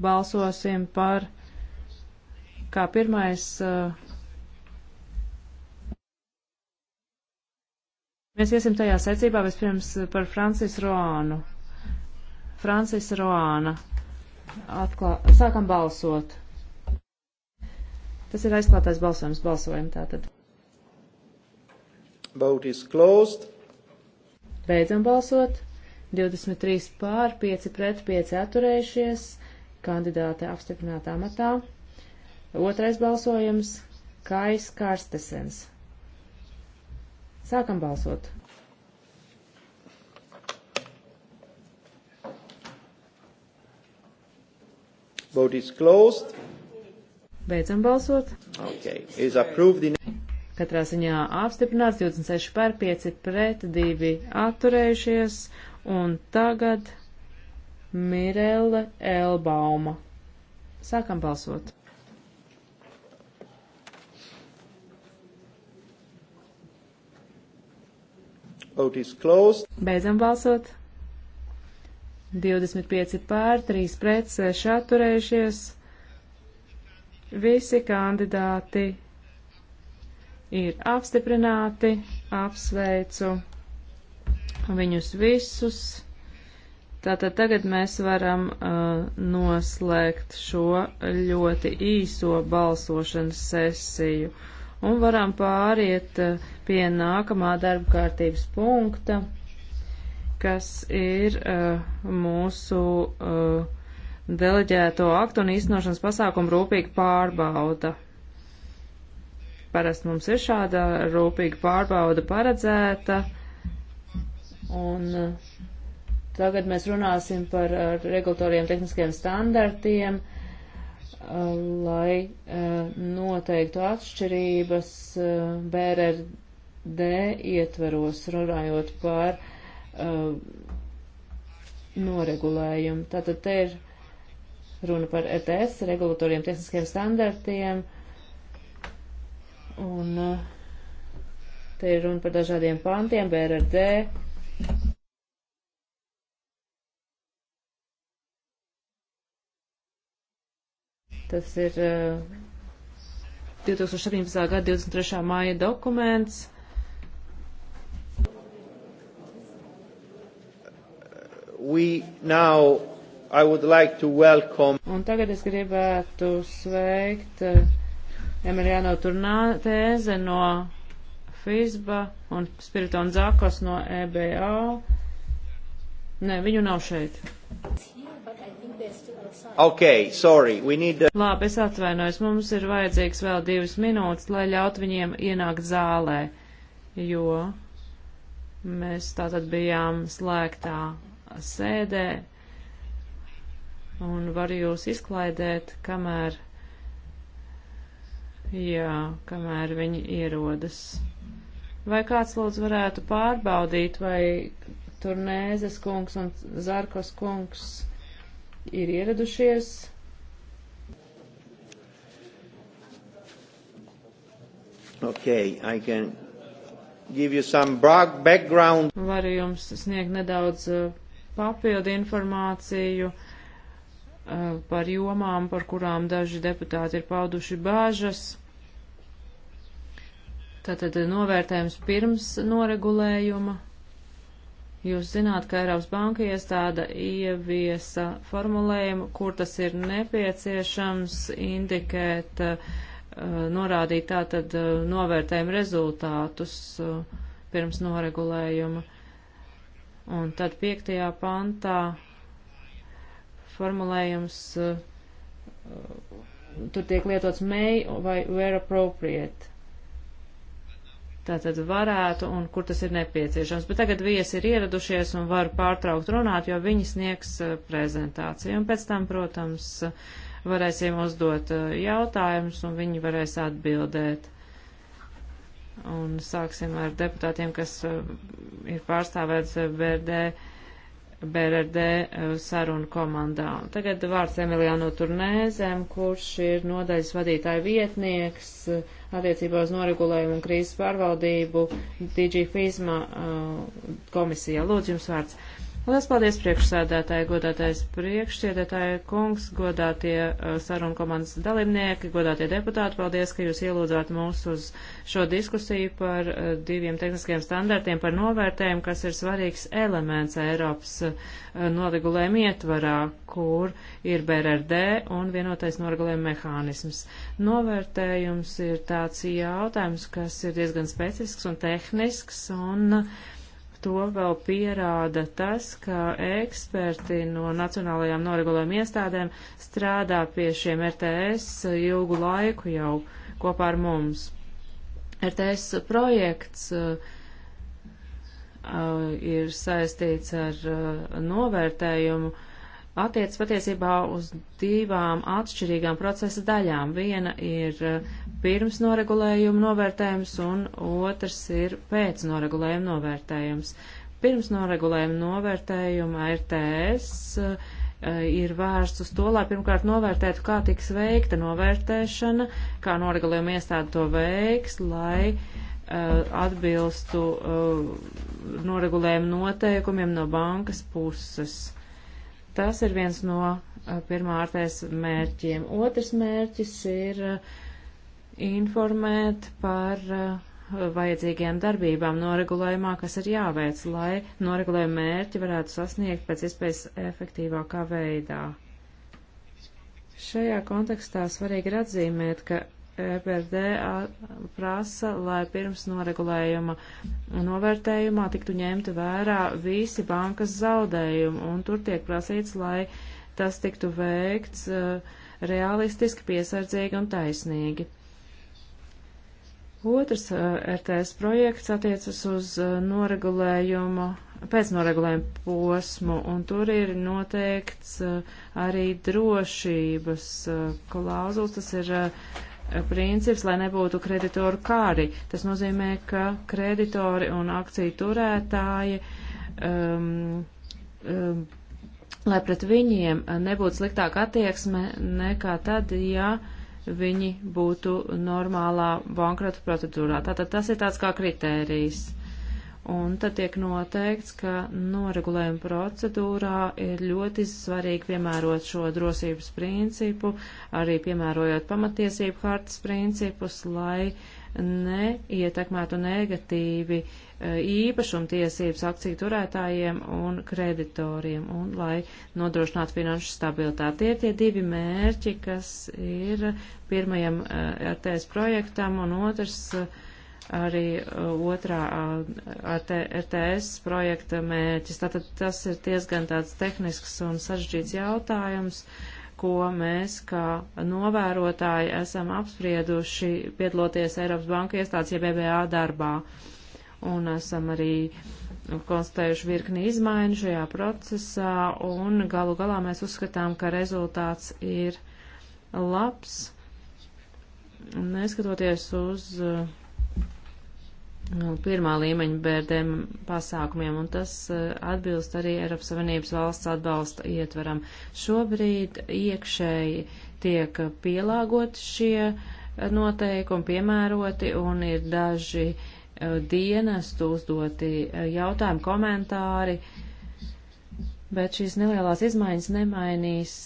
balsosim par kā pirmais. Uh, mēs iesim tajā secībā vispirms par Francis Roānu. Francis Roāna. Atklā... Sākam balsot. Tas ir aizklātais balsojums. Balsojam tātad. Vote is closed. Beidzam balsot. 23 pār, 5 pret, 5 atturējušies kandidāte apstiprināta amatā. Otrais balsojums - Kais Karstesens. Sākam balsot. Vote is closed. Beidzam balsot. Okay. Is approved in... Katrā ziņā apstiprināts 26 pār 5 pret 2 atturējušies. Un tagad Mirelle Elbauma. Sākam balsot. Vote is closed. Beidzam balsot. 25 pār, 3 pret, 6 atturējušies. Visi kandidāti ir apstiprināti. Apsveicu viņus visus. Tātad tagad mēs varam uh, noslēgt šo ļoti īso balsošanas sesiju un varam pāriet uh, pie nākamā darba kārtības punkta, kas ir uh, mūsu uh, deleģēto aktu un īstenošanas pasākumu rūpīgi pārbauda. Parasti mums ir šāda rūpīga pārbauda paredzēta un uh, Tagad mēs runāsim par regulatoriem tehniskiem standartiem, uh, lai uh, noteiktu atšķirības uh, BRD ietveros, runājot par noregulējumu. Tātad te ir runa par ETS, regulatoriem tehniskiem standartiem, un te ir runa par dažādiem pantiem BRD Tas ir 2017. Eh, gada 23. māja dokuments. Now, like welcome... Un tagad es gribētu sveikt eh, Emiliano Turnātēze no FISBA un Spiritona Zakos no EBA. Nē, viņu nav šeit. Okay, sorry, we need... The... Labi, es atvainojos, mums ir vajadzīgs vēl divas minūtes, lai ļaut viņiem ienākt zālē, jo mēs tātad bijām slēgtā sēdē un varu jūs izklaidēt, kamēr, jā, kamēr viņi ierodas. Vai kāds lūdzu varētu pārbaudīt, vai Turnēzes kungs un Zarkos kungs ir ieradušies. Okay, I can give you some background. Varu jums sniegt nedaudz uh, papildu informāciju uh, par jomām, par kurām daži deputāti ir pauduši bāžas. Tātad novērtējums pirms noregulējuma Jūs zināt, ka Eiropas Banka iestāda ieviesa formulējumu, kur tas ir nepieciešams indikēt, uh, norādīt tātad uh, novērtējumu rezultātus uh, pirms noregulējuma. Un tad piektajā pantā formulējums tur tiek lietots may vai where appropriate tātad varētu un kur tas ir nepieciešams. Bet tagad viesi ir ieradušies un var pārtraukt runāt, jo viņi sniegs eh, prezentāciju. Un pēc tam, protams, varēsim uzdot eh, jautājumus un viņi varēs atbildēt. Un sāksim ar deputātiem, kas eh, ir pārstāvēts BRD, BRD sarunu komandā. Un tagad vārds Emiliano Turnēzēm, kurš ir nodaļas vadītāja vietnieks. Uh, attiecībā uz noregulējumu un krīzes pārvaldību DG FISMA uh, komisijā. Lūdzu, jums vārds. Lielas paldies priekšsēdētāji, godātais priekšsēdētāji, kungs, godātie uh, sarunu komandas dalībnieki, godātie deputāti. Paldies, ka jūs ielūdzāt mūs uz šo diskusiju par uh, diviem tehniskiem standartiem, par novērtējumu, kas ir svarīgs elements Eiropas uh, noregulējuma ietvarā, kur ir BRRD un vienotais noregulējuma mehānisms. Novērtējums ir tāds jautājums, kas ir diezgan specifisks un tehnisks. Un, uh, To vēl pierāda tas, ka eksperti no nacionālajām noregulējuma iestādēm strādā pie šiem RTS ilgu laiku jau kopā ar mums. RTS projekts uh, uh, ir saistīts ar uh, novērtējumu uh, attiec patiesībā uz divām atšķirīgām procesa daļām. Viena ir eh, pirms noregulējuma novērtējums un otrs ir pēc noregulējuma novērtējums. Pirms noregulējuma novērtējuma RTS eh, ir vērsts uz to, lai pirmkārt novērtētu, kā tiks veikta novērtēšana, kā noregulējuma iestāde to veiks, lai uh, atbilstu uh, noregulējuma noteikumiem no bankas puses. Tas ir viens no pirmā ārtais mērķiem. Otrs mērķis ir informēt par vajadzīgiem darbībām noregulējumā, kas ir jāveic, lai noregulējuma mērķi varētu sasniegt pēc iespējas efektīvākā veidā. Šajā kontekstā svarīgi ir atzīmēt, ka EBRD prasa, lai pirms noregulējuma novērtējumā tiktu ņemti vērā visi bankas zaudējumi, un tur tiek prasīts, lai tas tiktu veikts e, realistiski, piesardzīgi un taisnīgi. Otrs e, RTS projekts attiecas uz e, noregulējumu, pēcnoregulējumu posmu, un tur ir noteikts arī drošības klauzulas, tas ir princips, lai nebūtu kreditoru kāri. Tas nozīmē, ka kreditori un akciju turētāji, um, um, lai pret viņiem nebūtu sliktāka attieksme nekā tad, ja viņi būtu normālā bankrota procedūrā. Tātad tas ir tāds kā kritērijs. Uh, Un tad tiek noteikts, ka noregulējuma procedūrā ir ļoti svarīgi piemērot šo drosības principu, arī piemērojot pamatiesību hartas principus, lai neietekmētu negatīvi e, īpašumtiesības akciju turētājiem un kreditoriem, un lai nodrošinātu finanšu stabilitāti. Tie ir tie divi mērķi, kas ir pirmajam e, RTS projektam, un otrs uh, arī uh, otrā uh, RTS projekta mērķis. Tātad tas ir diezgan tāds tehnisks un sarežģīts jautājums, ko mēs kā novērotāji esam apsprieduši piedaloties Eiropas Banka iestādes jeb EBA darbā. Un esam arī konstatējuši virkni izmaiņu šajā procesā un galu galā mēs uzskatām, ka rezultāts ir labs. Neskatoties uz uh, Nu, pirmā līmeņa bērdēm pasākumiem, un tas eh, atbilst arī Eiropas Savienības valsts atbalsta ietveram. Šobrīd iekšēji tiek pielāgoti šie eh, noteikumi, piemēroti, un ir daži eh, dienestu uzdoti jautājumi, komentāri, bet šīs nelielās izmaiņas nemainīs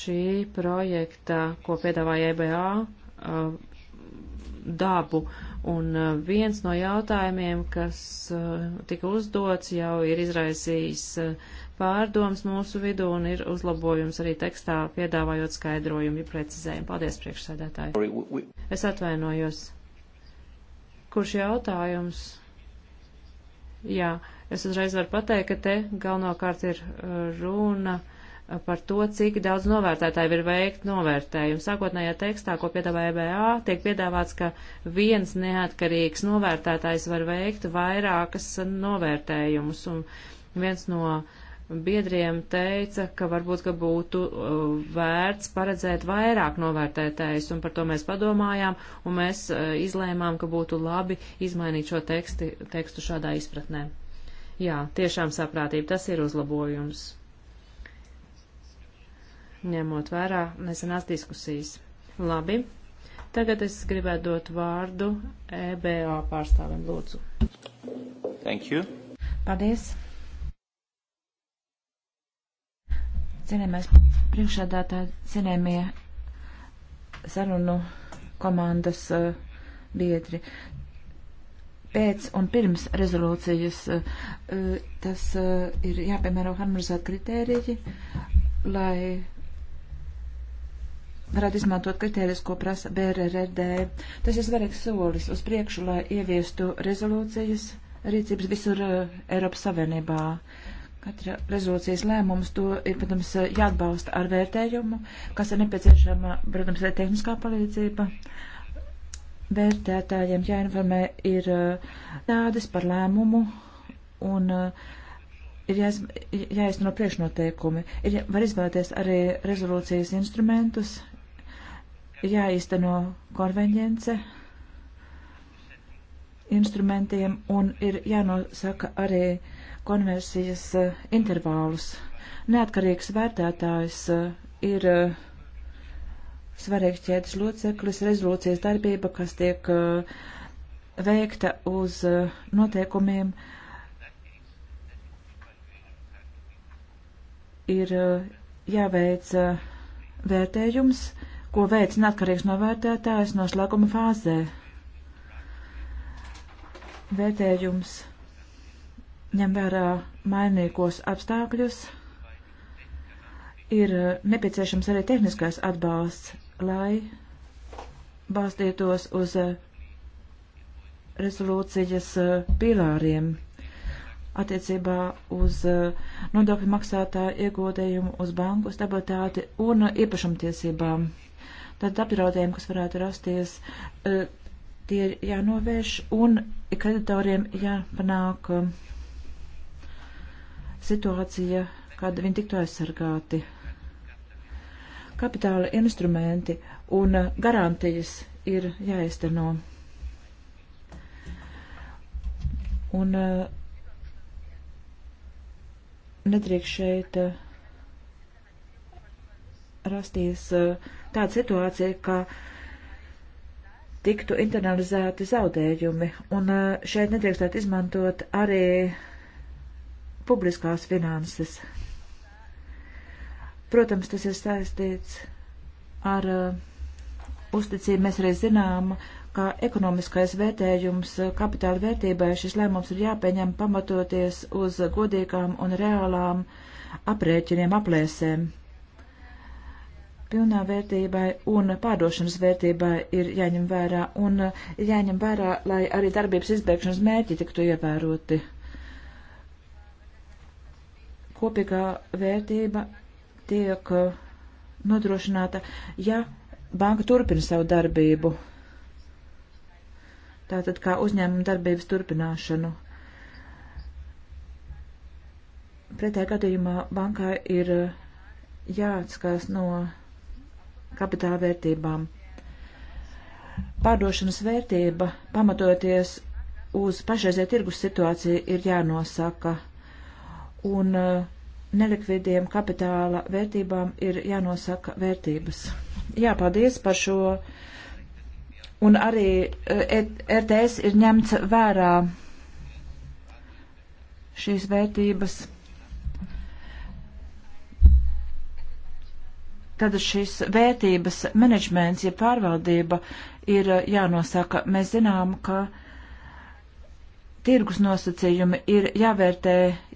šī projekta, ko piedāvāja EBA dabu. Un uh, viens no jautājumiem, kas uh, tika uzdots, jau ir izraisījis uh, pārdoms mūsu vidū un ir uzlabojums arī tekstā, piedāvājot skaidrojumu, ja precizējumu. Paldies, priekšsēdētāji. Es atvainojos. Kurš jautājums? Jā, es uzreiz varu pateikt, ka te galvenokārt ir runa. Uh, par to, cik daudz novērtētāji ir veikt novērtējumu. Sākotnējā tekstā, ko piedāvā EBA, tiek piedāvāts, ka viens neatkarīgs novērtētājs var veikt vairākas novērtējumus. Un viens no biedriem teica, ka varbūt, ka būtu uh, vērts paredzēt vairāk novērtētājus, un par to mēs padomājām, un mēs uh, izlēmām, ka būtu labi izmainīt šo teksti, tekstu šādā izpratnē. Jā, tiešām saprātība, tas ir uzlabojums ņemot vērā nesenās diskusijas. Labi, tagad es gribētu dot vārdu EBA pārstāvim lūdzu. Thank you. Paldies. Cienījamais priekšādātāji, cienījamie sarunu komandas uh, biedri pēc un pirms rezolūcijas uh, uh, tas uh, ir jāpiemēro harmonizēt kritēriji, lai varētu izmantot kritērijas, ko prasa BRRD. Tas ir svarīgs solis uz priekšu, lai ieviestu rezolūcijas rīcības visur uh, Eiropas Savienībā. Katra rezolūcijas lēmums to ir, protams, jāatbalsta ar vērtējumu, kas ir nepieciešama, protams, ir tehniskā palīdzība. Vērtētājiem jāinformē ir uh, tādas par lēmumu un uh, ir jāiz, jāizno priekšnoteikumi. Ir, var izvēlēties arī rezolūcijas instrumentus, jāīsteno konvenģence instrumentiem un ir jānosaka arī konversijas eh, intervālus. Neatkarīgs vērtētājs eh, ir eh, svarīgs ķēdes loceklis, rezolūcijas darbība, kas tiek veikta uz noteikumiem, ir jāveic vērtējums, ko veic neatkarīgs novērtētājs noslēguma fāzē. Vērtējums ņem vērā mainīgos apstākļus. Ir nepieciešams arī tehniskais atbalsts, lai balstītos uz uh, rezolūcijas uh, pilāriem attiecībā uz uh, nodokļu maksātāju iegūdējumu, uz banku stabilitāti un īpašumtiesībām. Tad apdraudējumi, kas varētu rasties, e, tie ir jānovērš un kreditoriem jāpanāk e, situācija, kad viņi tiktu aizsargāti. Kapitāla instrumenti un garantijas ir jāizteno. Un e, nedrīkst šeit rasties uh, tāda situācija, ka tiktu internalizēti zaudējumi, un uh, šeit nedrīkstētu izmantot arī publiskās finanses. Protams, tas ir saistīts ar uh, uzticību. Mēs arī zinām, ka ekonomiskais vērtējums uh, kapitāla vērtībai šis lēmums ir jāpieņem pamatoties uz godīgām un reālām aprēķiniem, aplēsēm pilnā vērtībai un pārdošanas vērtībai ir jāņem vērā un ir jāņem vērā, lai arī darbības izbēgšanas mērķi tiktu ievēroti. Kopīgā vērtība tiek uh, nodrošināta, ja banka turpina savu darbību. Tātad kā uzņēmuma darbības turpināšanu. Pretējā gadījumā bankai ir uh, jāatskās no kapitāla vērtībām. Pārdošanas vērtība, pamatoties uz pašreizē tirgus situāciju, ir jānosaka, un eh, nelikvidiem kapitāla vērtībām ir jānosaka vērtības. Jā, paldies par šo, un arī RTS eh, e ir ņemts vērā šīs vērtības. Tad šis vērtības menedžments, ja pārvaldība ir eh, jānosaka. Mēs zinām, ka tirgus nosacījumi ir jāvērtē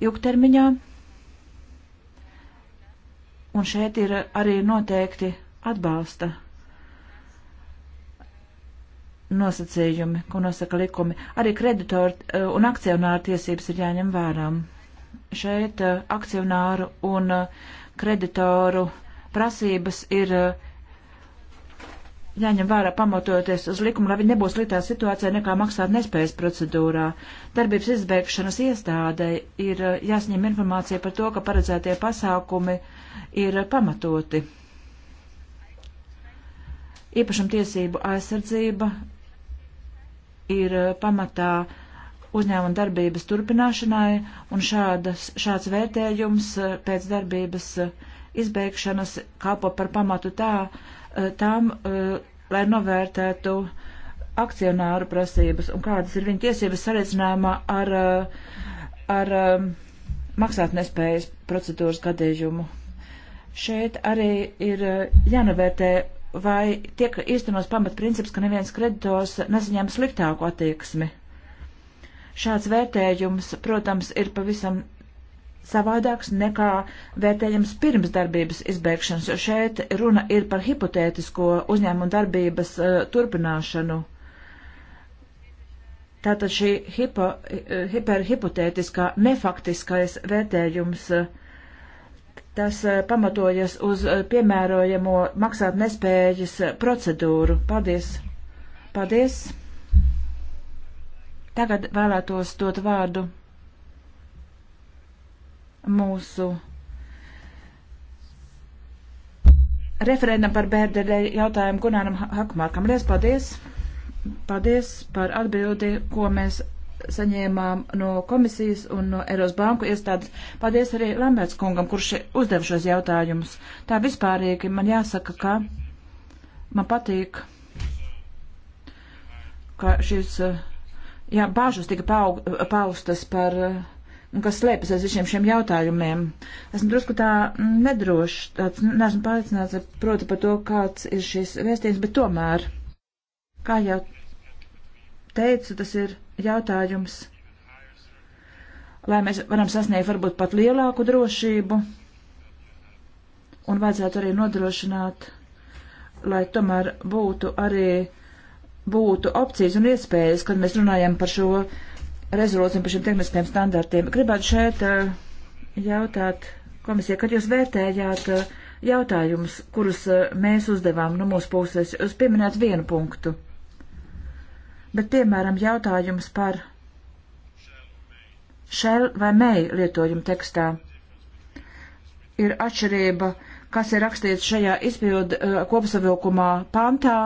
ilgtermiņā, un šeit ir arī noteikti atbalsta nosacījumi, ko nosaka likumi. Arī kreditoru eh, un akcionāru tiesības ir jāņem vērām. Šeit eh, akcionāru un kreditoru uh, prasības ir eh, jāņem vērā pamatoties uz likumu, lai viņi nebūs sliktā situācijā nekā maksāt nespējas procedūrā. Darbības izbeigšanas iestādē ir eh, jāsņem informācija par to, ka paredzētie pasākumi ir eh, pamatoti. Īpašumtiesību aizsardzība ir pamatā uzņēmuma darbības turpināšanai, un šādas, šāds vērtējums pēc darbības uh, izbeigšanas kalpo par pamatu tā, eh, tām, eh, lai novērtētu akcionāru prasības un kādas ir viņa tiesības sareicinājumā ar, eh, ar maksātnespējas procedūras gadījumu. Šeit arī ir jānovērtē, vai tiek īstenos pamatprincips, ka neviens kreditors nesaņem sliktāku attieksmi. Šāds vērtējums, protams, ir pavisam savādāks nekā vērtējams pirms darbības izbeigšanas, jo šeit runa ir par hipotētisko uzņēmumu darbības uh, turpināšanu. Tātad šī hipo, uh, hiperhipotētiskā, nefaktiskais vērtējums, uh, tas uh, pamatojas uz uh, piemērojamo maksāt nespējas uh, procedūru. Paldies! Paldies! Tagad vēlētos dot vārdu mūsu referendam par bērdelē jautājumu Gunāram Hakmārkam. Lies paldies! Paldies par atbildi, ko mēs saņēmām no komisijas un no Eiros banku iestādes. Paldies arī Lamberts kungam, kurš uzdev šos jautājumus. Tā vispārīgi man jāsaka, ka man patīk, ka šīs jā, bāžas tika paustas par uh, un kas slēpjas aiz visiem šiem jautājumiem. Esmu drusku tā nedrošs, tāds neesmu pārliecināts, proti par to, kāds ir šis vēstījums, bet tomēr, kā jau teicu, tas ir jautājums, lai mēs varam sasniegt varbūt pat lielāku drošību un vajadzētu arī nodrošināt, lai tomēr būtu arī būtu opcijas un iespējas, kad mēs runājam par šo uh, rezolūcijām par šiem tehniskajiem standartiem. Gribētu šeit eh, jautāt komisijai, kad jūs vērtējāt eh, jautājumus, kurus eh, mēs uzdevām no mūsu puses, jūs pieminējāt vienu punktu. Bet, piemēram, jautājums par shell vai may lietojumu tekstā ir atšķirība, kas ir rakstīts šajā izpildu kopsavilkumā pantā,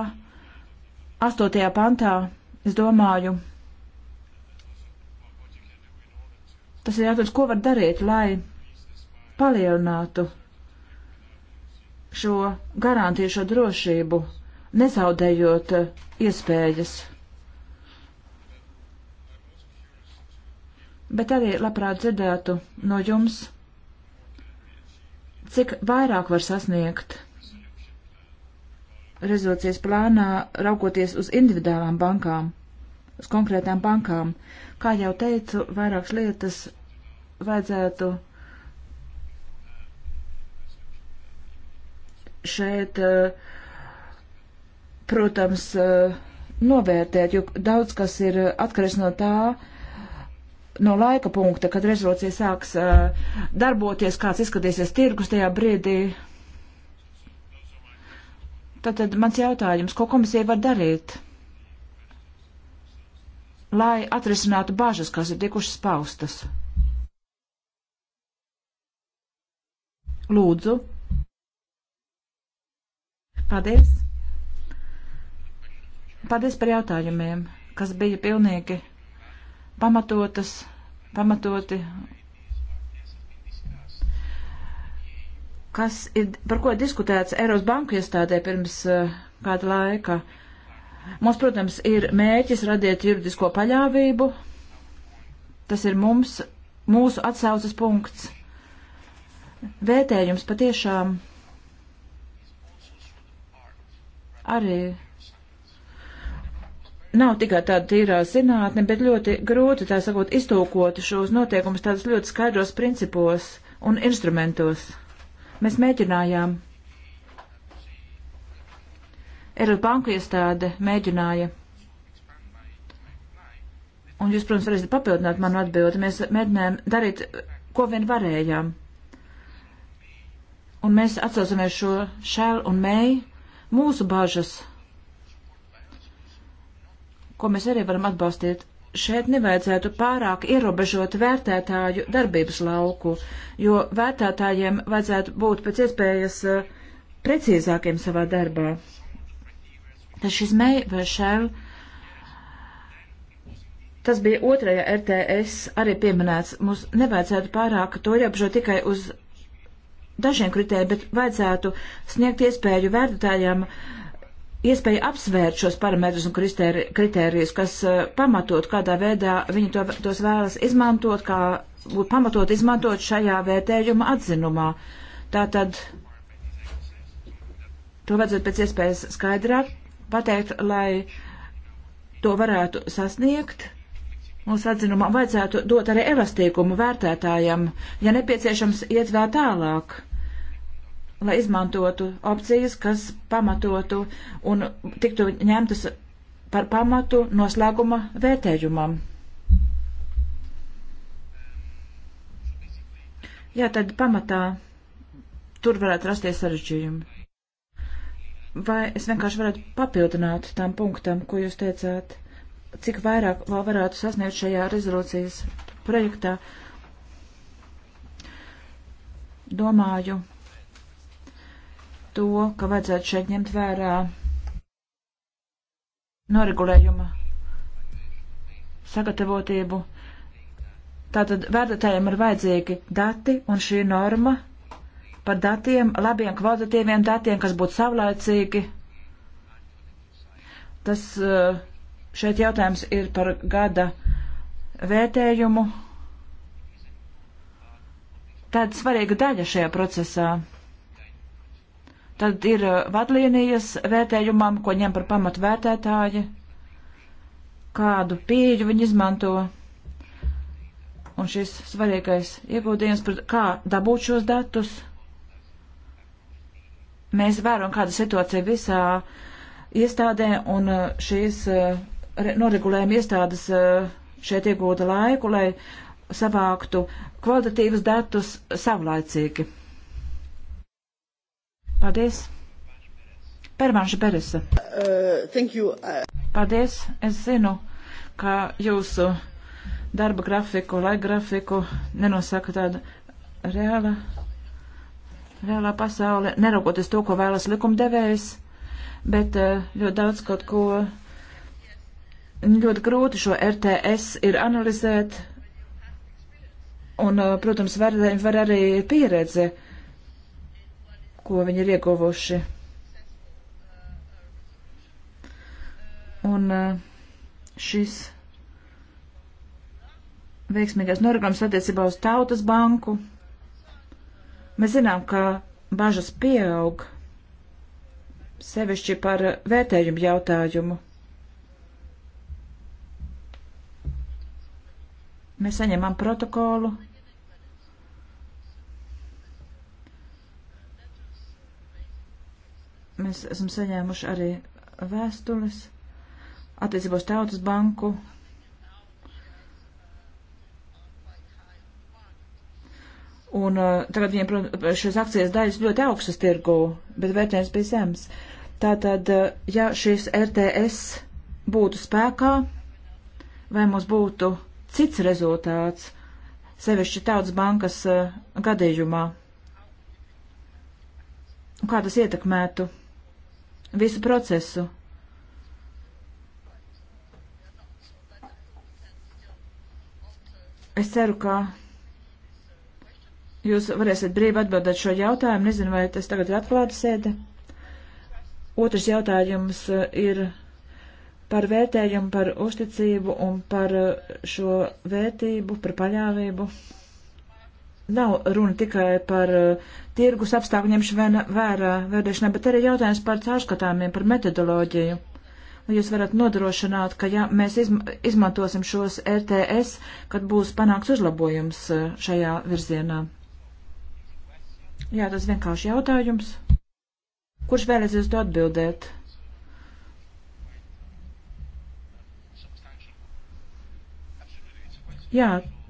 astotajā pantā, es domāju. Tas ir jautājums, ko var darīt, lai palielinātu šo garantiju, šo drošību, nezaudējot eh, iespējas. Bet arī labprāt dzirdētu no jums, cik vairāk var sasniegt rezolūcijas plānā, raugoties uz individuālām bankām uz konkrētām bankām. Kā jau teicu, vairākas lietas vajadzētu šeit, eh, protams, eh, novērtēt, jo daudz kas ir atkarīgs no tā, no laika punkta, kad rezolūcija sāks eh, darboties, kāds izskatīsies tirgus tajā brīdī. Tātad mans jautājums, ko komisija var darīt? lai atrisinātu bažas, kas ir tikušas paustas. Lūdzu. Paldies. Paldies par jautājumiem, kas bija pilnīgi pamatotas, pamatoti, kas ir, par ko ir diskutēts Eiros banku iestādē pirms uh, kāda laika. Uh, Mums, protams, ir mēķis radīt juridisko paļāvību. Tas ir mums, mūsu atsaucas punkts. Vērtējums patiešām arī nav tikai tāda tīrā zinātne, bet ļoti grūti, tā sakot, iztūkot šos notiekumus tādos ļoti skaidros principos un instrumentos. Mēs mēģinājām Eiropas banku iestāde mēģināja. Un jūs, protams, varēsiet papildināt manu atbildi. Mēs mēģinājām darīt, ko vien varējām. Un mēs atsaucamies šo šēlu un mēju mūsu bažas, ko mēs arī varam atbalstīt. Šeit nevajadzētu pārāk ierobežot vērtētāju darbības lauku, jo vērtētājiem vajadzētu būt pēc iespējas eh, precīzākiem savā darbā. Tašizmei vai Shell. Tas bija otrajā RTS arī pieminēts. Mums nevajadzētu pārāk to ierobežot tikai uz dažiem kritērijiem, bet vajadzētu sniegt iespēju vērtētājiem iespēju apsvērt šos parametrus un kritērijus, kas eh, pamatot, kādā veidā viņi to, tos vēlas izmantot, kā būtu pamatot izmantot šajā vērtējuma atzinumā. Tātad to vajadzētu pēc iespējas skaidrāk pateikt, lai to varētu sasniegt. Mūsu atzinumam vajadzētu dot arī elastīgumu vērtētājam, ja nepieciešams iet vēl tālāk, lai izmantotu opcijas, kas pamatotu un tiktu ņemtas par pamatu noslēguma vērtējumam. Jā, tad pamatā tur varētu rasties sarežģījumi. Vai es vienkārši varētu papildināt tam punktam, ko jūs teicāt, cik vairāk vēl varētu sasniegt šajā rezolūcijas projektā? Domāju to, ka vajadzētu šeit ņemt vērā noregulējuma sagatavotību. Tātad vērtētājiem ir vajadzīgi dati un šī norma par datiem, labiem kvalitatīviem datiem, kas būtu savlaicīgi. Tas eh, šeit jautājums ir par gada vērtējumu. Tāda svarīga daļa šajā procesā. Tad ir eh, vadlīnijas vērtējumam, ko ņem par pamatu vērtētāji, kādu pieeju viņi izmanto. Un šis svarīgais ieguldījums, kā dabūt šos datus, mēs vēram kādu situāciju visā iestādē un uh, šīs uh, noregulējuma iestādes uh, šeit iegūta laiku, lai savāktu kvalitatīvus datus savlaicīgi. Paldies! Pervanša Peresa. Uh, Paldies! Es zinu, ka jūsu darba grafiku, laika grafiku nenosaka tāda reāla reālā pasaule, neraugoties to, ko vēlas likumdevējs, bet eh, ļoti daudz kaut ko ļoti grūti šo RTS ir analizēt. Un, eh, protams, var, var arī pieredze, ko viņi ir ieguvuši. Un eh, šis veiksmīgais noregulējums attiecībā uz tautas banku Mēs zinām, ka bažas pieaug sevišķi par vērtējumu jautājumu. Mēs saņemam protokolu. Mēs esam saņēmuši arī vēstules attiecībos Tautas banku Un uh, tagad viņiem, protams, šīs akcijas daļas ļoti augstas tirgu, bet vērtējums bija zems. Tātad, uh, ja šis RTS būtu spēkā, vai mums būtu cits rezultāts, sevišķi tautas bankas uh, gadījumā, kā tas ietekmētu visu procesu? Es ceru, ka Jūs varēsiet brīvi atbildēt šo jautājumu. Nezinu, vai tas tagad ir atklāta sēde. Otrs jautājums uh, ir par vērtējumu, par uzticību un par uh, šo vērtību, par paļāvību. Nav runa tikai par uh, tirgus apstākļu ņemšanu vērā vērtēšanā, bet arī jautājums par caurskatāmiem, par metodoloģiju. Vai jūs varat nodrošināt, ka ja mēs izma izmantosim šos RTS, kad būs panāks uzlabojums šajā virzienā? Jā, tas vienkārši jautājums. Kurš vēlēsies to atbildēt? Jā,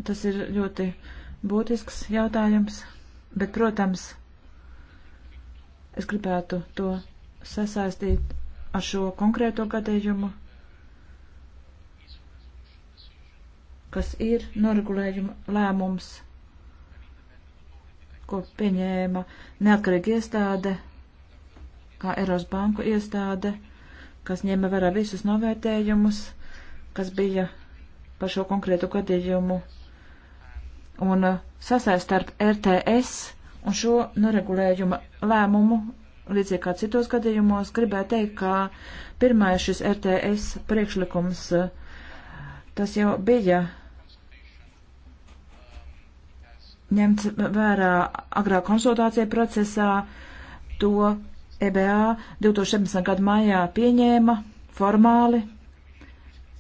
tas ir ļoti būtisks jautājums, bet, protams, es gribētu to sasaistīt ar šo konkrēto gadījumu, kas ir noregulējuma lēmums ko pieņēma neatkarīga iestāde, kā Eiros banku iestāde, kas ņēma vērā visus novērtējumus, kas bija par šo konkrētu gadījumu, un uh, sasaist starp RTS un šo noregulējuma lēmumu, līdzīgi kā citos gadījumos, gribēju teikt, ka pirmais šis RTS priekšlikums, uh, tas jau bija ņemts vērā agrā konsultācija procesā, to EBA 2017. gada maijā pieņēma formāli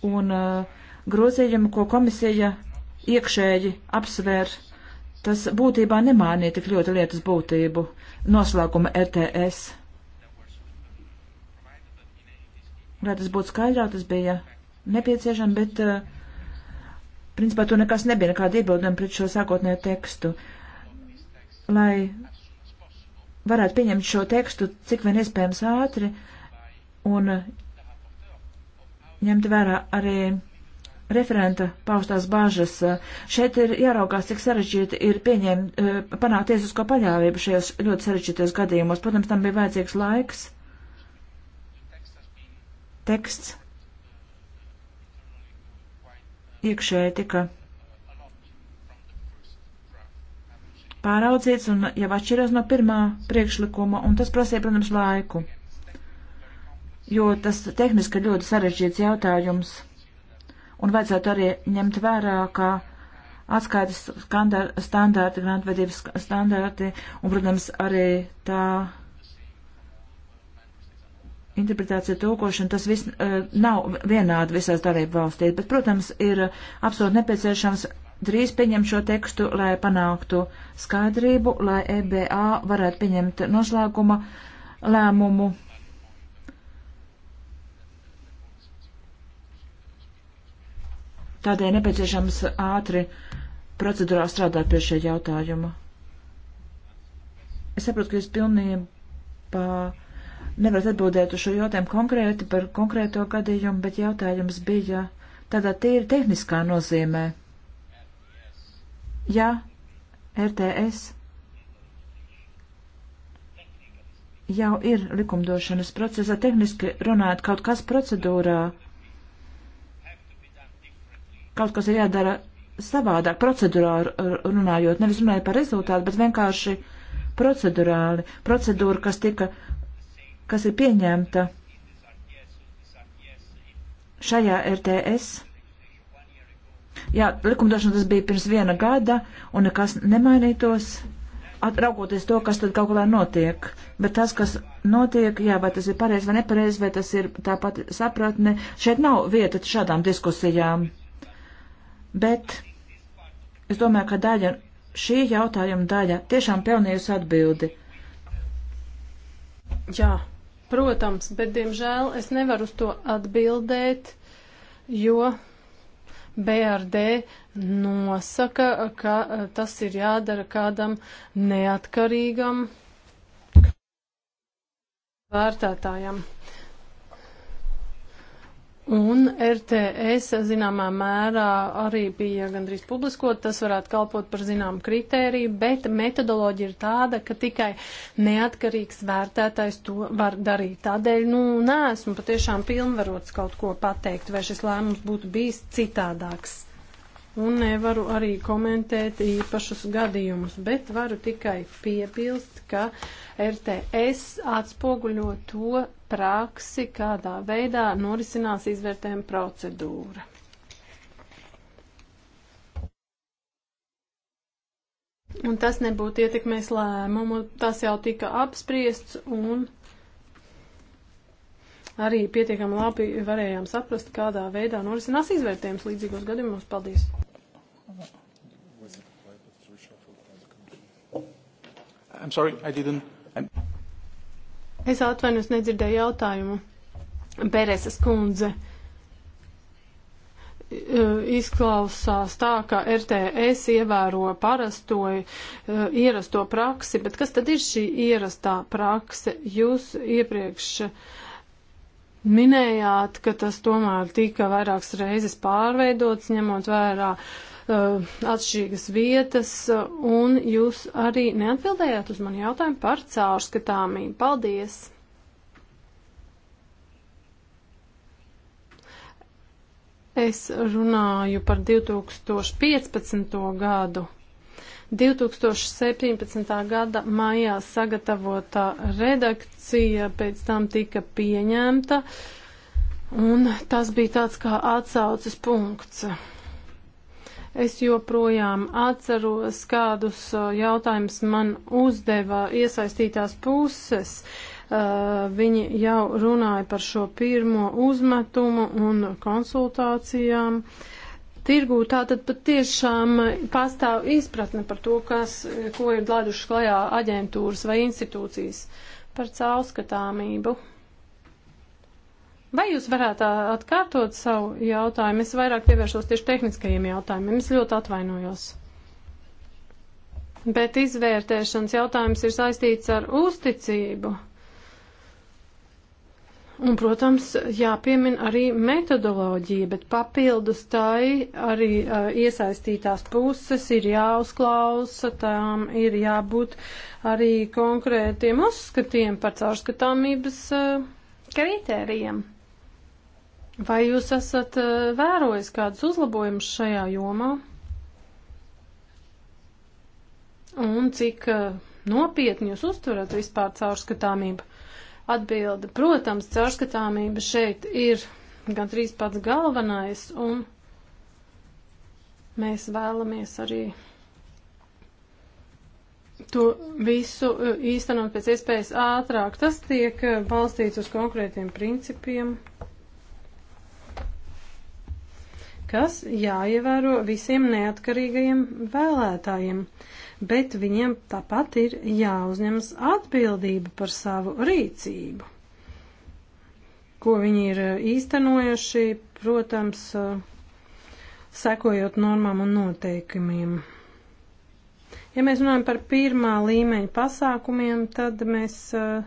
un uh, grozījumi, ko komisija iekšēji apsver, tas būtībā nemainīja tik ļoti lietas būtību noslēguma RTS. E Lai tas būtu skaidrāk, tas bija nepieciešams, bet uh, Principā tur nekas nebija, nekāda iebilduma pret šo sākotnējo tekstu. Lai varētu pieņemt šo tekstu cik vien iespējams ātri un ņemt vērā arī referenta paustās bāžas. Šeit ir jāraugās, cik sarežģīti ir pieņemt, eh, panākt tiesisko paļāvību šajos ļoti sarežģītos gadījumos. Protams, tam bija vajadzīgs laiks. Teksts iekšēji tika pāraudzīts un jau atšķirās no pirmā priekšlikuma, un tas prasīja, protams, laiku, jo tas tehniski ļoti sarežģīts jautājums, un vajadzētu arī ņemt vērā, ka atskaitas standarti, grāmatvedības standarti, un, protams, arī tā interpretācija, tūkošana, tas viss uh, nav vienādi visās dalību valstīs, bet, protams, ir absolūti nepieciešams drīz pieņemt šo tekstu, lai panāktu skaidrību, lai EBA varētu pieņemt noslēguma lēmumu. Tādēļ nepieciešams ātri procedūrā strādāt pie šie jautājuma. Es saprotu, ka jūs pilnībā nevarat atbildēt uz šo jautājumu konkrēti par konkrēto gadījumu, bet jautājums bija tādā tīri tehniskā nozīmē. Jā, RTS jau ir likumdošanas procesā, tehniski runājot, kaut kas procedūrā, kaut kas ir jādara savādāk, procedūrā runājot, nevis runājot par rezultātu, bet vienkārši procedurāli. Procedūra, kas tika kas ir pieņemta šajā RTS. Jā, likumdošana tas bija pirms viena gada, un nekas nemainītos, atraugoties to, kas tad kaut kādā notiek. Bet tas, kas notiek, jā, vai tas ir pareizi vai nepareizi, vai tas ir tāpat sapratne, šeit nav vieta šādām diskusijām. Bet es domāju, ka daļa, šī jautājuma daļa tiešām pelnījusi atbildi. Jā protams, bet diemžēl es nevaru uz to atbildēt, jo BRD nosaka, ka eh, tas ir jādara kādam neatkarīgam vērtētājam. Un RTS zināmā mērā arī bija gandrīz publiskot, tas varētu kalpot par zinām kritēriju, bet metodoloģija ir tāda, ka tikai neatkarīgs vērtētājs to var darīt. Tādēļ, nu, nesmu patiešām pilnvarots kaut ko pateikt, vai šis lēmums būtu bijis citādāks un nevaru arī komentēt īpašus gadījumus, bet varu tikai piebilst, ka RTS atspoguļo to praksi, kādā veidā norisinās izvērtējuma procedūra. Un tas nebūtu ietekmēs lēmumu, tas jau tika apspriests un arī pietiekami labi varējām saprast, kādā veidā norisinās izvērtējums līdzīgos gadījumos. Paldies! I'm sorry, I didn't. I'm... Es atvainojos, nedzirdēju jautājumu. Bereses kundze e, izklausās tā, ka RTS ievēro parasto, e, ierasto praksi, bet kas tad ir šī ierastā prakse? Jūs iepriekš minējāt, ka tas tomēr tika vairākas reizes pārveidots, ņemot vērā uh, Uh, atšķirīgas vietas, uh, un jūs arī neatbildējāt uz manu jautājumu par caurskatāmību. Paldies! Es runāju par 2015. gadu. 2017. gada maijā sagatavotā redakcija pēc tam tika pieņemta, un tas bija tāds kā atsauces punkts. Es joprojām atceros, kādus uh, jautājumus man uzdeva iesaistītās puses. Uh, viņi jau runāja par šo pirmo uzmetumu un konsultācijām. Tirgū tātad patiešām pastāv izpratne par to, kas, ko ir glāduši klajā aģentūras vai institūcijas par caurskatāmību. Vai jūs varētu atkārtot savu jautājumu? Es vairāk pievēršos tieši tehniskajiem jautājumiem. Es ļoti atvainojos. Bet izvērtēšanas jautājums ir saistīts ar uzticību. Un, protams, jāpiemina arī metodoloģija, bet papildus tai arī uh, iesaistītās puses ir jāuzklausa, tām ir jābūt arī konkrētiem uzskatiem par caurskatāmības uh, kritērijiem. Vai jūs esat eh, vērojis kādus uzlabojumus šajā jomā? Un cik eh, nopietni jūs uztverat vispār caurskatāmību? Atbilde, protams, caurskatāmība šeit ir gandrīz pats galvenais, un mēs vēlamies arī to visu eh, īstenot pēc iespējas ātrāk. Tas tiek balstīts uz konkrētiem principiem. kas jāievēro visiem neatkarīgajiem vēlētājiem, bet viņiem tāpat ir jāuzņemas atbildība par savu rīcību, ko viņi ir eh, īstenojuši, protams, eh, sekojot normām un noteikumiem. Ja mēs runājam par pirmā līmeņa pasākumiem, tad mēs eh,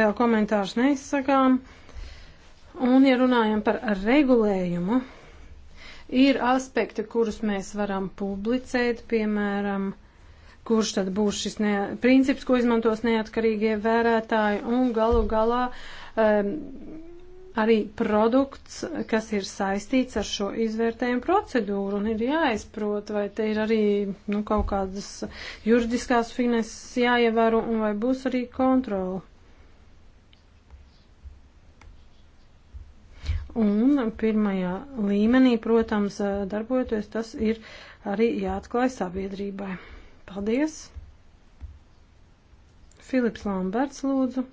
vēl komentārus neizsakām. Un, ja runājam par regulējumu, ir aspekti, kurus mēs varam publicēt, piemēram, kurš tad būs šis ne, princips, ko izmantos neatkarīgie vērētāji, un galu galā um, arī produkts, kas ir saistīts ar šo izvērtējumu procedūru, un ir jāizprot, vai te ir arī nu, kaut kādas juridiskās fineses jāievēro, un vai būs arī kontrola. Un pirmajā līmenī, protams, darbojoties, tas ir arī jāatklāj sabiedrībai. Paldies! Filips Lamberts lūdzu.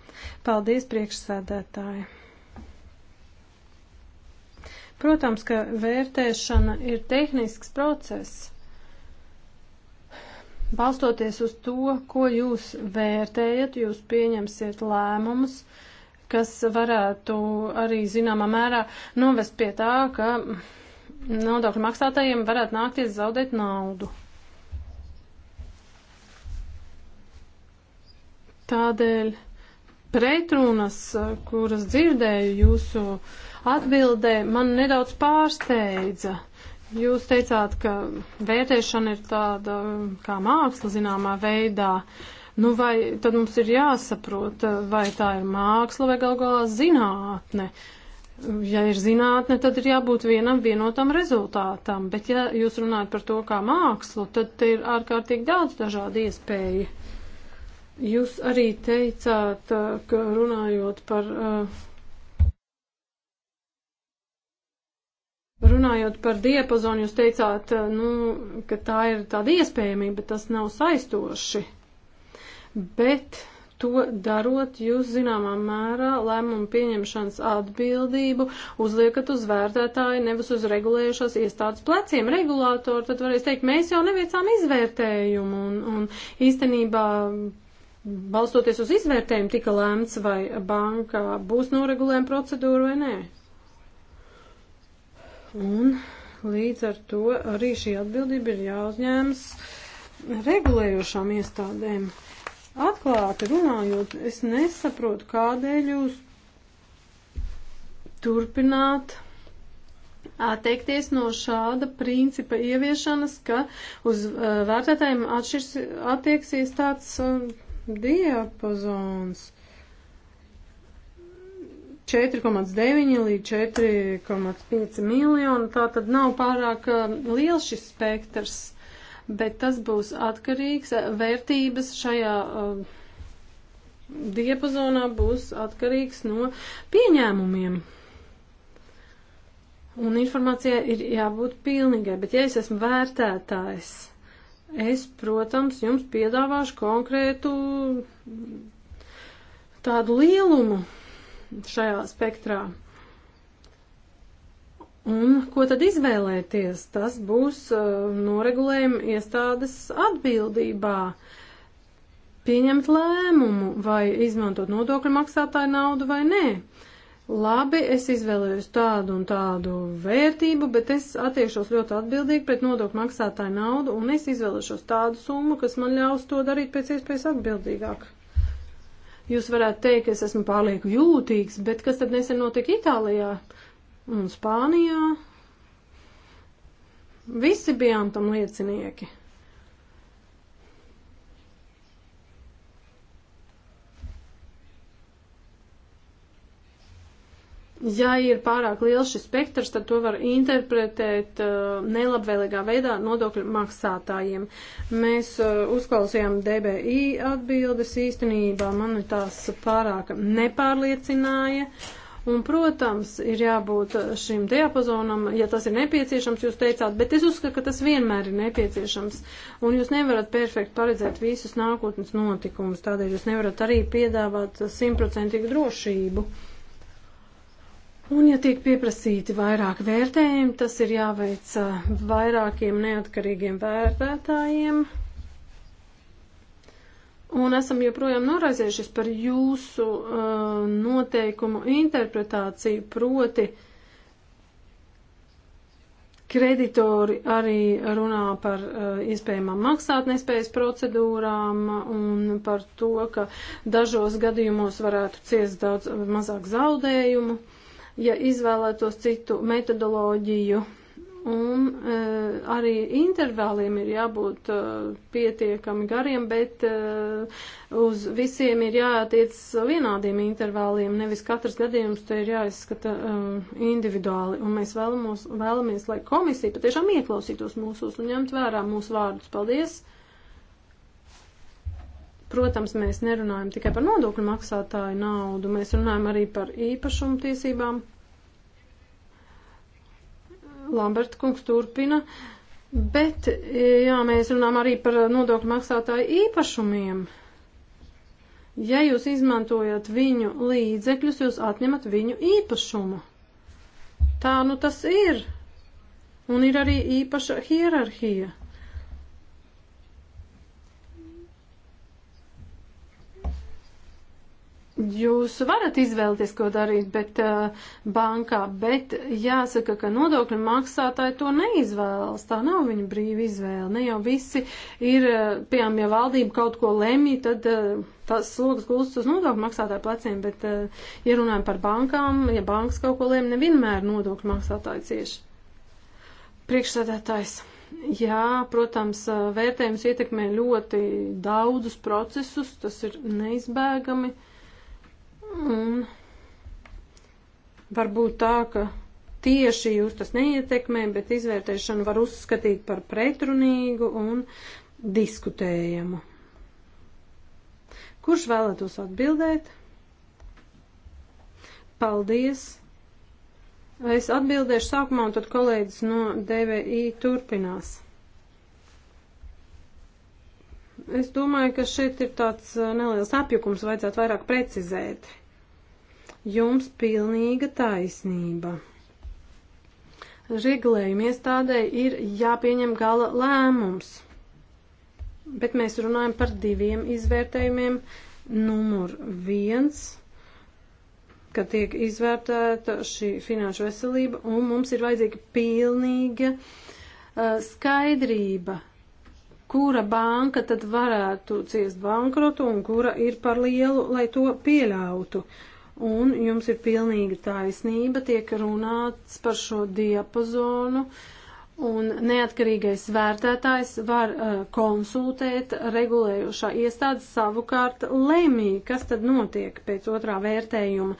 Paldies, priekšsēdētāji! Protams, ka vērtēšana ir tehnisks process. Balstoties uz to, ko jūs vērtējat, jūs pieņemsiet lēmumus. Uh, kas varētu arī zināmā mērā novest pie tā, ka nodokļu maksātājiem varētu nākties zaudēt naudu. Tādēļ pretrunas, kuras dzirdēju jūsu atbildē, man nedaudz pārsteidza. Jūs teicāt, ka vērtēšana ir tāda kā māksla zināmā veidā. Uh, Nu, vai tad mums ir jāsaprot, vai tā ir māksla vai gal galā zinātne? Ja ir zinātne, tad ir jābūt vienam vienotam rezultātam, bet ja jūs runājat par to kā mākslu, tad ir ārkārtīgi daudz dažādu iespēju. Jūs arī teicāt, uh, ka runājot par. Uh, runājot par diapazonu, jūs teicāt, uh, nu, ka tā ir tāda iespējamība, bet tas nav saistoši bet to darot, jūs zināmā mērā lēmumu pieņemšanas atbildību uzliekat uz vērtētāju, nevis uz regulējušās iestādes pleciem. Regulātori tad varēs teikt, mēs jau neveicām izvērtējumu un, un īstenībā. Balstoties uz izvērtējumu, tika lēmts, vai bankā būs noregulējuma procedūra vai nē. Un līdz ar to arī šī atbildība ir jāuzņēmas regulējošām iestādēm. Atklāti runājot, es nesaprotu, kādēļ jūs turpināt atteikties no šāda principa ieviešanas, ka uz uh, vērtētājiem atširs, attieksies tāds uh, diapazons. 4,9 līdz 4,5 miljonu, tā tad nav pārāk uh, liels šis spektrs bet tas būs atkarīgs, vērtības šajā uh, diapazonā būs atkarīgs no pieņēmumiem. Un informācijai ir jābūt pilnīgai, bet ja es esmu vērtētājs, es, protams, jums piedāvāšu konkrētu tādu lielumu šajā spektrā. Un ko tad izvēlēties? Tas būs uh, noregulējuma iestādes atbildībā pieņemt lēmumu, vai izmantot nodokļu maksātāju naudu vai nē. Labi, es izvēlējos tādu un tādu vērtību, bet es attiekšos ļoti atbildīgi pret nodokļu maksātāju naudu, un es izvēlēšos tādu summu, kas man ļaus to darīt pēc iespējas atbildīgāk. Jūs varētu teikt, ka es esmu pārlieku jūtīgs, bet kas tad nesen notika Itālijā? Uh, un Spānijā. Visi bijām tam liecinieki. Ja ir pārāk liels šis spektrs, tad to var interpretēt uh, nelabvēlīgā veidā nodokļu maksātājiem. Mēs uh, uzklausījām DBI atbildes īstenībā, mani tās pārāk nepārliecināja. Uh, Un, protams, ir jābūt šim diapazonam, ja tas ir nepieciešams, jūs teicāt, bet es uzskatu, ka tas vienmēr ir nepieciešams. Un jūs nevarat perfekti paredzēt visus nākotnes notikumus, tādēļ jūs nevarat arī piedāvāt simtprocentīgu drošību. Un, ja tiek pieprasīti vairāk vērtējumi, tas ir jāveic vairākiem neatkarīgiem vērtētājiem, un esam joprojām noraizējušies par jūsu uh, noteikumu interpretāciju, proti kreditori arī runā par uh, iespējamām maksātnespējas procedūrām un par to, ka dažos gadījumos varētu ciest daudz mazāk zaudējumu, ja izvēlētos citu metodoloģiju Un e, arī intervāliem ir jābūt e, pietiekami gariem, bet e, uz visiem ir jātiec vienādiem intervāliem. Nevis katrs gadījums te ir jāizskata e, individuāli. Un mēs vēlamos, vēlamies, lai komisija patiešām ieklausītos mūsos un ņemt vērā mūsu vārdus. Paldies! Protams, mēs nerunājam tikai par nodokļu maksātāju naudu, mēs runājam arī par īpašumtiesībām. tiesībām Lamberta kungs turpina, bet, jā, mēs runām arī par nodokļu maksātāju īpašumiem. Ja jūs izmantojat viņu līdzekļus, jūs atņemat viņu īpašumu. Tā nu tas ir. Un ir arī īpaša hierarhija. jūs varat izvēlēties, ko darīt bet, uh, bankā, bet jāsaka, ka nodokļu maksātāji to neizvēlas. Tā nav viņa brīva izvēle. Ne jau visi ir, uh, piemēram, ja valdība kaut ko lemj, tad uh, tas slogs gulst uz nodokļu maksātāju pleciem, bet, uh, ja runājam par bankām, ja bankas kaut ko lemj, nevienmēr nodokļu maksātāji cieši. Priekšsēdētājs. Jā, protams, uh, vērtējums ietekmē ļoti daudzus procesus, tas ir neizbēgami. Uh, Un varbūt tā, ka tieši jūs tas neietekmē, bet izvērtēšanu var uzskatīt par pretrunīgu un diskutējumu. Kurš vēlētos atbildēt? Paldies! Es atbildēšu sākumā, un tad kolēģis no DVI turpinās. Es domāju, ka šeit ir tāds eh, neliels apjukums, vajadzētu vairāk precizēt. Jums pilnīga taisnība. Regulējuma iestādē ir jāpieņem gala lēmums, bet mēs runājam par diviem izvērtējumiem. Numur viens ka tiek izvērtēta šī finanšu veselība, un mums ir vajadzīga pilnīga uh, skaidrība kura banka tad varētu ciest bankrotu un kura ir par lielu, lai to pieļautu. Un jums ir pilnīga taisnība, tiek runāts par šo diapazonu. Uh, Un neatkarīgais vērtētājs var uh, konsultēt regulējošā iestāde savukārt lemī, kas tad notiek pēc otrā vērtējuma,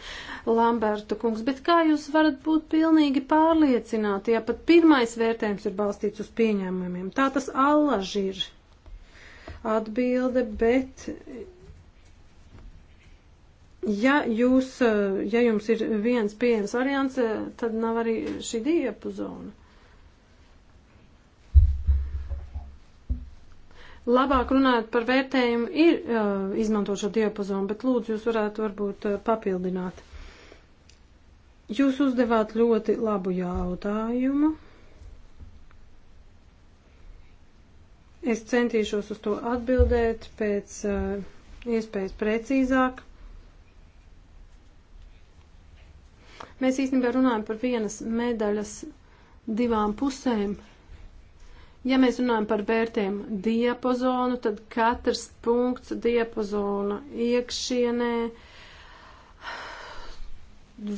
Lamberta kungs. Bet kā jūs varat būt pilnīgi pārliecināti, ja pat pirmais vērtējums ir balstīts uz pieņēmumiem? Tā tas allaž ir atbilde, bet ja, jūs, uh, ja jums ir viens pieejams variants, uh, tad nav arī šī diapazona. labāk runāt par vērtējumu, ir uh, izmantot šo diapazonu, bet lūdzu jūs varētu varbūt uh, papildināt. Jūs uzdevāt ļoti labu jautājumu. Es centīšos uz to atbildēt pēc uh, iespējas precīzāk. Mēs īstenībā runājam par vienas medaļas divām pusēm. Ja mēs runājam par vērtēm diapazonu, tad katrs punkts diapazona iekšienē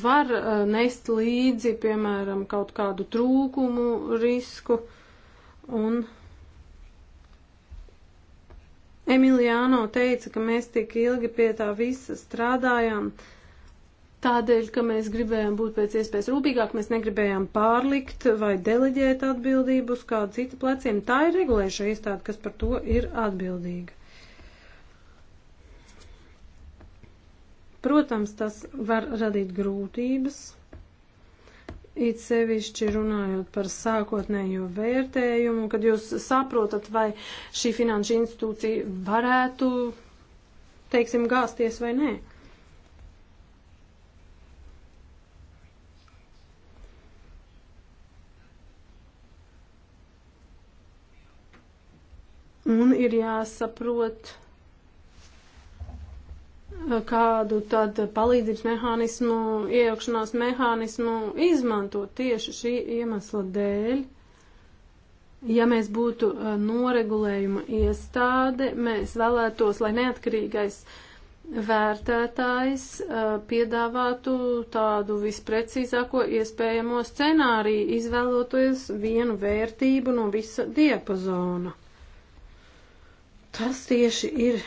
var eh, nest līdzi, piemēram, kaut kādu trūkumu, risku un Emiliāno teica, ka mēs tik ilgi pie tā visa strādājām, uh, Tādēļ, ka mēs gribējām būt pēc iespējas rūpīgāk, mēs negribējām pārlikt vai deleģēt atbildību uz kādu citu pleciem. Tā ir regulējuša iestāde, kas par to ir atbildīga. Protams, tas var radīt grūtības, it sevišķi runājot par sākotnējo vērtējumu, kad jūs saprotat, vai šī finanšu institūcija varētu, teiksim, gāzties vai nē. Un ir jāsaprot, kādu tad palīdzības mehānismu, iejaukšanās mehānismu izmantot tieši šī iemesla dēļ. Ja mēs būtu eh, noregulējuma iestāde, mēs vēlētos, lai neatkarīgais vērtētājs eh, piedāvātu tādu visprecīzāko iespējamo scenāriju, izvēloties vienu vērtību no visa diapazona. Tas tieši ir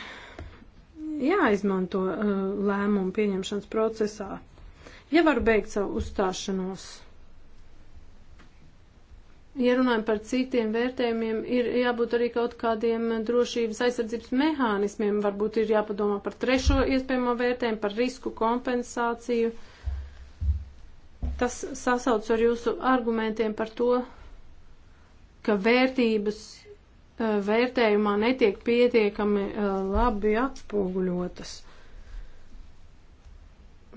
jāizmanto uh, lēmumu pieņemšanas procesā. Ja var beigt savu uzstāšanos. Ja runājam par citiem vērtējumiem, ir jābūt arī kaut kādiem drošības aizsardzības mehānismiem. Varbūt ir jāpadomā par trešo iespējamo vērtējumu, par risku kompensāciju. Tas sasauc ar jūsu argumentiem par to, ka vērtības Eh, vērtējumā netiek pietiekami eh, labi atspoguļotas.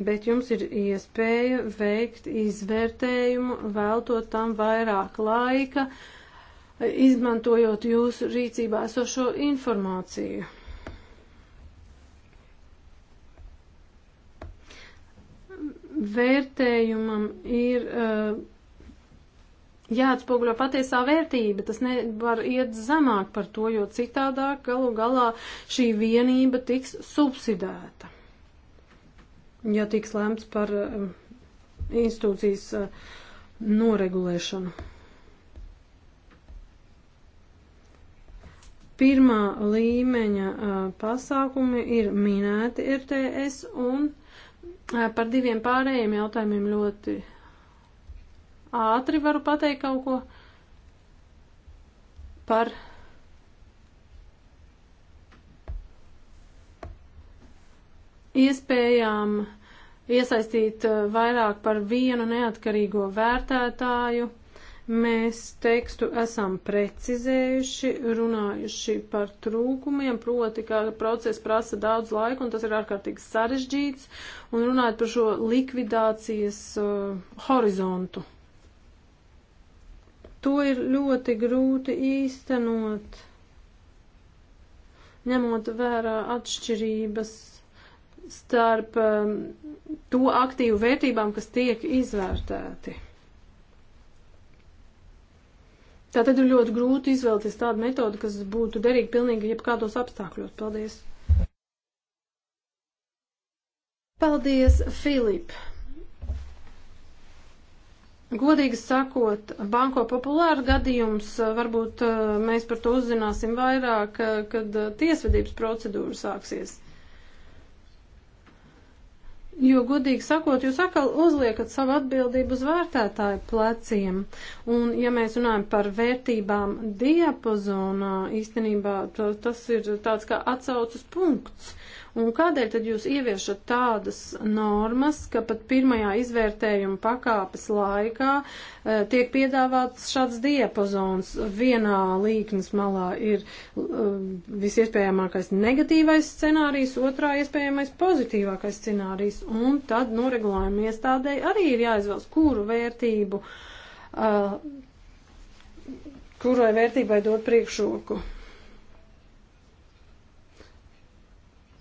Bet jums ir iespēja veikt izvērtējumu, veltot tam vairāk laika, izmantojot jūsu rīcībā esošo informāciju. Vērtējumam ir uh, jāatspoguļo patiesā vērtība, tas nevar iet zemāk par to, jo citādāk galu galā šī vienība tiks subsidēta. Ja tiks lēmts par um, institūcijas uh, noregulēšanu. Pirmā līmeņa uh, pasākumi ir minēti RTS un uh, par diviem pārējiem jautājumiem ļoti ātri varu pateikt kaut ko par iespējām iesaistīt eh, vairāk par vienu neatkarīgo vērtētāju. Mēs tekstu esam precizējuši, runājuši par trūkumiem, proti, ka process prasa daudz laika un tas ir ārkārtīgi sarežģīts, un runājot par šo likvidācijas uh, horizontu to ir ļoti grūti īstenot, ņemot vērā atšķirības starp um, to aktīvu vērtībām, kas tiek izvērtēti. Tā tad ir ļoti grūti izvēlēties tādu metodi, kas būtu derīga pilnīgi jebkādos apstākļos. Paldies! Paldies, Filip! Godīgi sakot, banko populāru gadījums, eh, varbūt eh, mēs par to uzzināsim vairāk, eh, kad tiesvedības procedūra sāksies. Jo, godīgi sakot, jūs atkal uzliekat savu atbildību uz vērtētāju pleciem. Un, ja mēs runājam par vērtībām diapazonā, īstenībā to, tas ir tāds kā atsaucas punkts. Uh, Un kādēļ tad jūs ieviešat tādas normas, ka pat pirmajā izvērtējuma pakāpes laikā e, tiek piedāvāts šāds diapazons? Vienā līknes malā ir e, visiespējamākais negatīvais scenārijs, otrā iespējamais pozitīvākais scenārijs, un tad noregulējuma iestādēji arī ir jāizvēlas, kuru vērtību, e, kurai vērtībai dot priekšroku.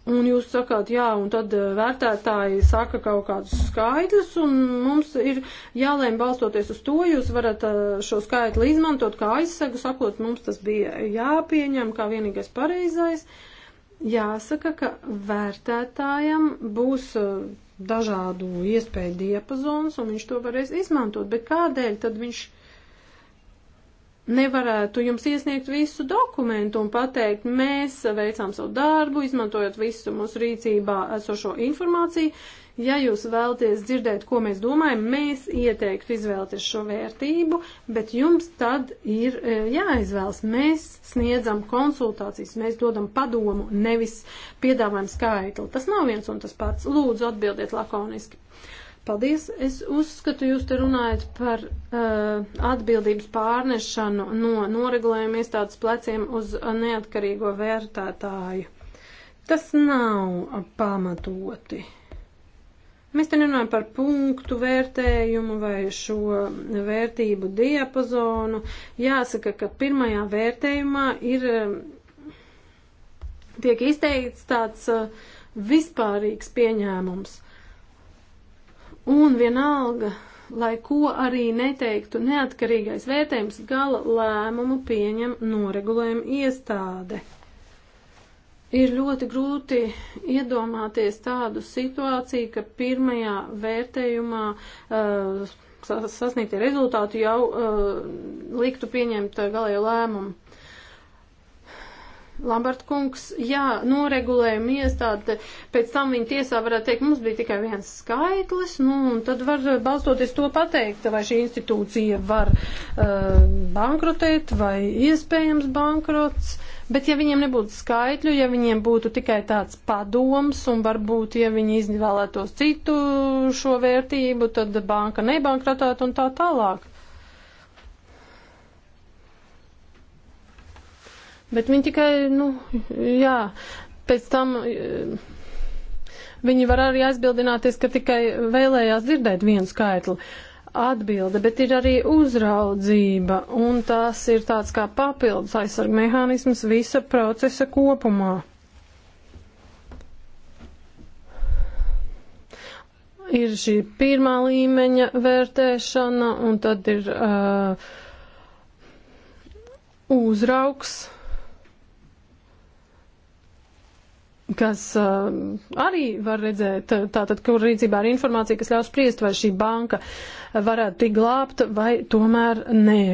Un jūs sakāt, jā, un tad eh, vērtētāji saka kaut kādus skaidrus, un mums ir jālēm balstoties uz to, jūs varat eh, šo skaitli izmantot kā aizsegu, sakot, mums tas bija jāpieņem kā vienīgais pareizais. Jāsaka, ka vērtētājam būs eh, dažādu iespēju diapazons, un viņš to varēs izmantot, bet kādēļ tad viņš. Uh, nevarētu jums iesniegt visu dokumentu un pateikt, mēs veicām savu darbu, izmantojot visu mūsu rīcībā esošo informāciju. Ja jūs vēlaties dzirdēt, ko mēs domājam, mēs ieteiktu izvēlēties šo vērtību, bet jums tad ir e, jāizvēlas. Mēs sniedzam konsultācijas, mēs dodam padomu, nevis piedāvājam skaitli. Tas nav viens un tas pats. Lūdzu, atbildiet lakoniski. Paldies. Es uzskatu, jūs te runājat par uh, atbildības pārnešanu no noregulējuma iestādes pleciem uz neatkarīgo vērtētāju. Tas nav pamatoti. Mēs te runājam par punktu vērtējumu vai šo vērtību diapazonu. Jāsaka, ka pirmajā vērtējumā ir um, tiek izteikts tāds uh, vispārīgs pieņēmums. Un vienalga, lai ko arī neteiktu, neatkarīgais vērtējums gala lēmumu pieņem noregulējuma iestāde. Ir ļoti grūti iedomāties tādu situāciju, ka pirmajā vērtējumā uh, sasniegtie rezultāti jau uh, liktu pieņemt uh, galējo lēmumu. Lambert kungs, jā, noregulējuma iestāde, pēc tam viņa tiesā varētu teikt, mums bija tikai viens skaitlis, nu, un tad var eh, balstoties to pateikt, vai šī institūcija var uh, bankrotēt, vai iespējams bankrots, bet ja viņiem nebūtu skaitļu, ja viņiem būtu tikai tāds padoms, un varbūt, ja viņi izvēlētos citu šo vērtību, tad banka nebankrotētu un tā tālāk. Bet viņi tikai, nu, jā, pēc tam. Viņi var arī aizbildināties, ka tikai vēlējās dzirdēt vienu skaitli. Uh, atbilde, bet ir arī uzraudzība, un tās ir tāds kā papildus aizsarga mehānisms visa procesa kopumā. Ir šī pirmā līmeņa vērtēšana, un tad ir uh, uzraugs kas uh, arī var redzēt, tātad, kur rīcībā ir informācija, kas ļaus spriest, vai šī banka varētu tikt glābta, vai tomēr nē.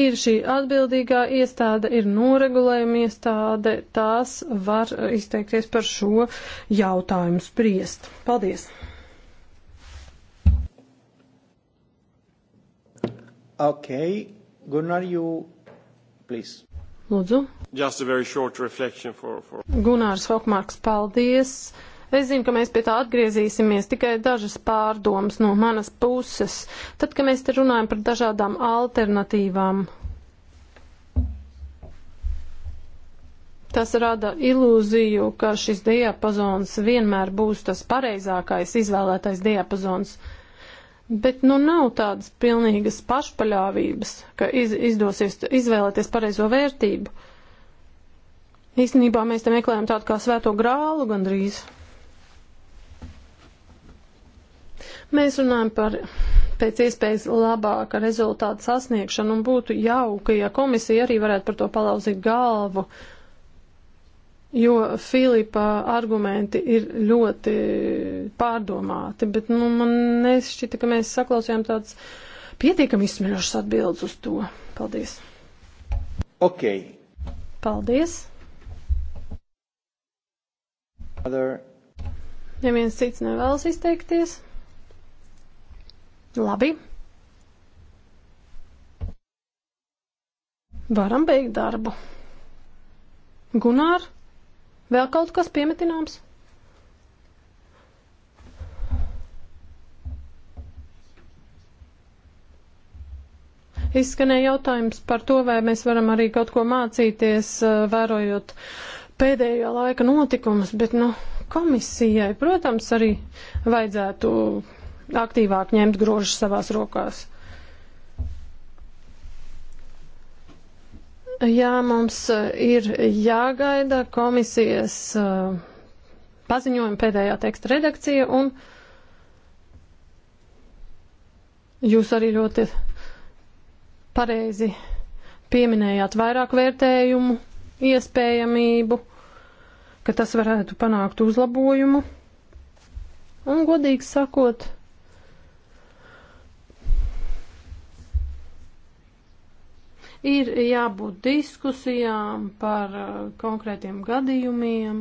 Ir šī atbildīgā iestāde, ir noregulējuma iestāde, tās var izteikties par šo jautājumu spriest. Paldies! Okay, Gunnar, you please. Lūdzu. For, for... Gunārs Hokmārks, paldies! Es zinu, ka mēs pie tā atgriezīsimies tikai dažas pārdomas no manas puses, tad, kad mēs te runājam par dažādām alternatīvām. Tas rada ilūziju, ka šis diapazons vienmēr būs tas pareizākais izvēlētais diapazons. Bet nu nav tādas pilnīgas pašpaļāvības, ka iz, izdosies izvēlēties pareizo vērtību. Īstenībā mēs te meklējam tādu kā svēto grālu gandrīz. Mēs runājam par pēc iespējas labāka rezultāta sasniegšanu un būtu jauka, ja komisija arī varētu par to palauzīt galvu, jo Filipa argumenti ir ļoti pārdomāti, bet nu, man nešķita, ka mēs saklausījām tāds pietiekami izsmeļošs atbildes uz to. Paldies! Ok. Paldies! Other. Ja viens cits nevēlas izteikties. Labi. Varam beigt darbu. Gunār, vēl kaut kas piemetināms? Izskanēja jautājums par to, vai mēs varam arī kaut ko mācīties, eh, vērojot uh, pēdējo laika notikumus, bet, nu, komisijai, protams, arī vajadzētu aktīvāk ņemt grožus savās rokās. Jā, mums eh, ir jāgaida komisijas eh, paziņojuma pēdējā teksta redakcija, un jūs arī ļoti pareizi pieminējāt vairāk vērtējumu iespējamību, ka tas varētu panākt uzlabojumu. Un godīgi sakot, ir jābūt diskusijām par uh, konkrētiem gadījumiem.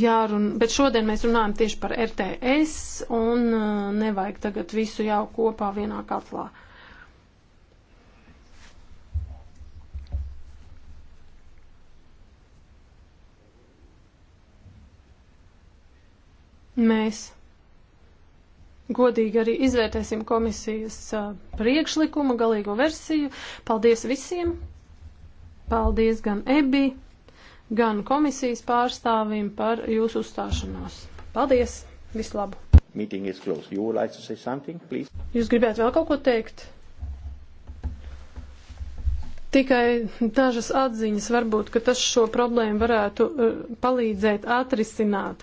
Jārun, bet šodien mēs runājam tieši par RTS un uh, nevajag tagad visu jau kopā vienā katlā. Uh, Mēs godīgi arī izvērtēsim komisijas priekšlikumu, galīgo versiju. Paldies visiem! Paldies gan EBI, gan komisijas pārstāvim par jūsu uzstāšanos. Paldies! Visu labu! Meeting is closed. You would like to say something, please? Jūs gribētu vēl kaut ko teikt? Tikai dažas atziņas varbūt, ka tas šo problēmu varētu e, palīdzēt atrisināt.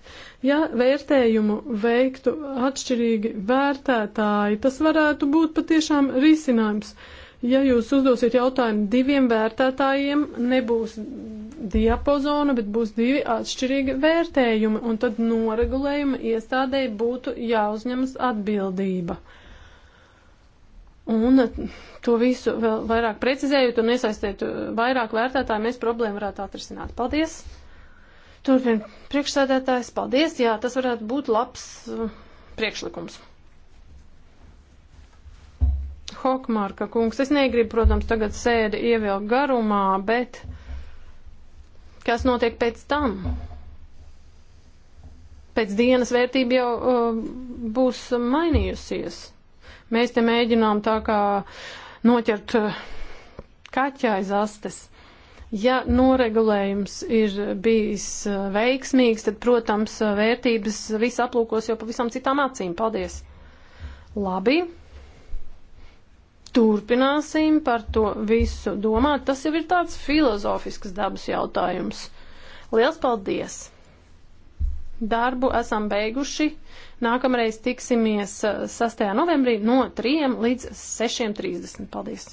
Ja vērtējumu veiktu atšķirīgi vērtētāji, tas varētu būt patiešām risinājums. Ja jūs uzdosiet jautājumu diviem vērtētājiem, nebūs diapazona, bet būs divi atšķirīgi vērtējumi, un tad noregulējuma iestādēji būtu jāuzņemas atbildība. Uh, Un to visu vēl vairāk precizējot un iesaistēt vairāk vērtētāju, mēs problēmu varētu atrisināt. Paldies! Turpin priekšsēdētājs, paldies! Jā, tas varētu būt labs uh, priekšlikums. Hokmārka kungs, es negribu, protams, tagad sēdi ievilkt garumā, bet kas notiek pēc tam? Pēc dienas vērtība jau uh, būs mainījusies. Mēs te mēģinām tā kā noķert eh, kaķais astes. Ja noregulējums ir bijis eh, veiksmīgs, tad, protams, eh, vērtības viss aplūkos jau pavisam citām acīm. Paldies! Labi, turpināsim par to visu domāt. Tas jau ir tāds filozofisks dabas jautājums. Liels paldies! darbu esam beiguši. Nākamreiz tiksimies 6. Eh, novembrī no 3 līdz 6.30. Paldies!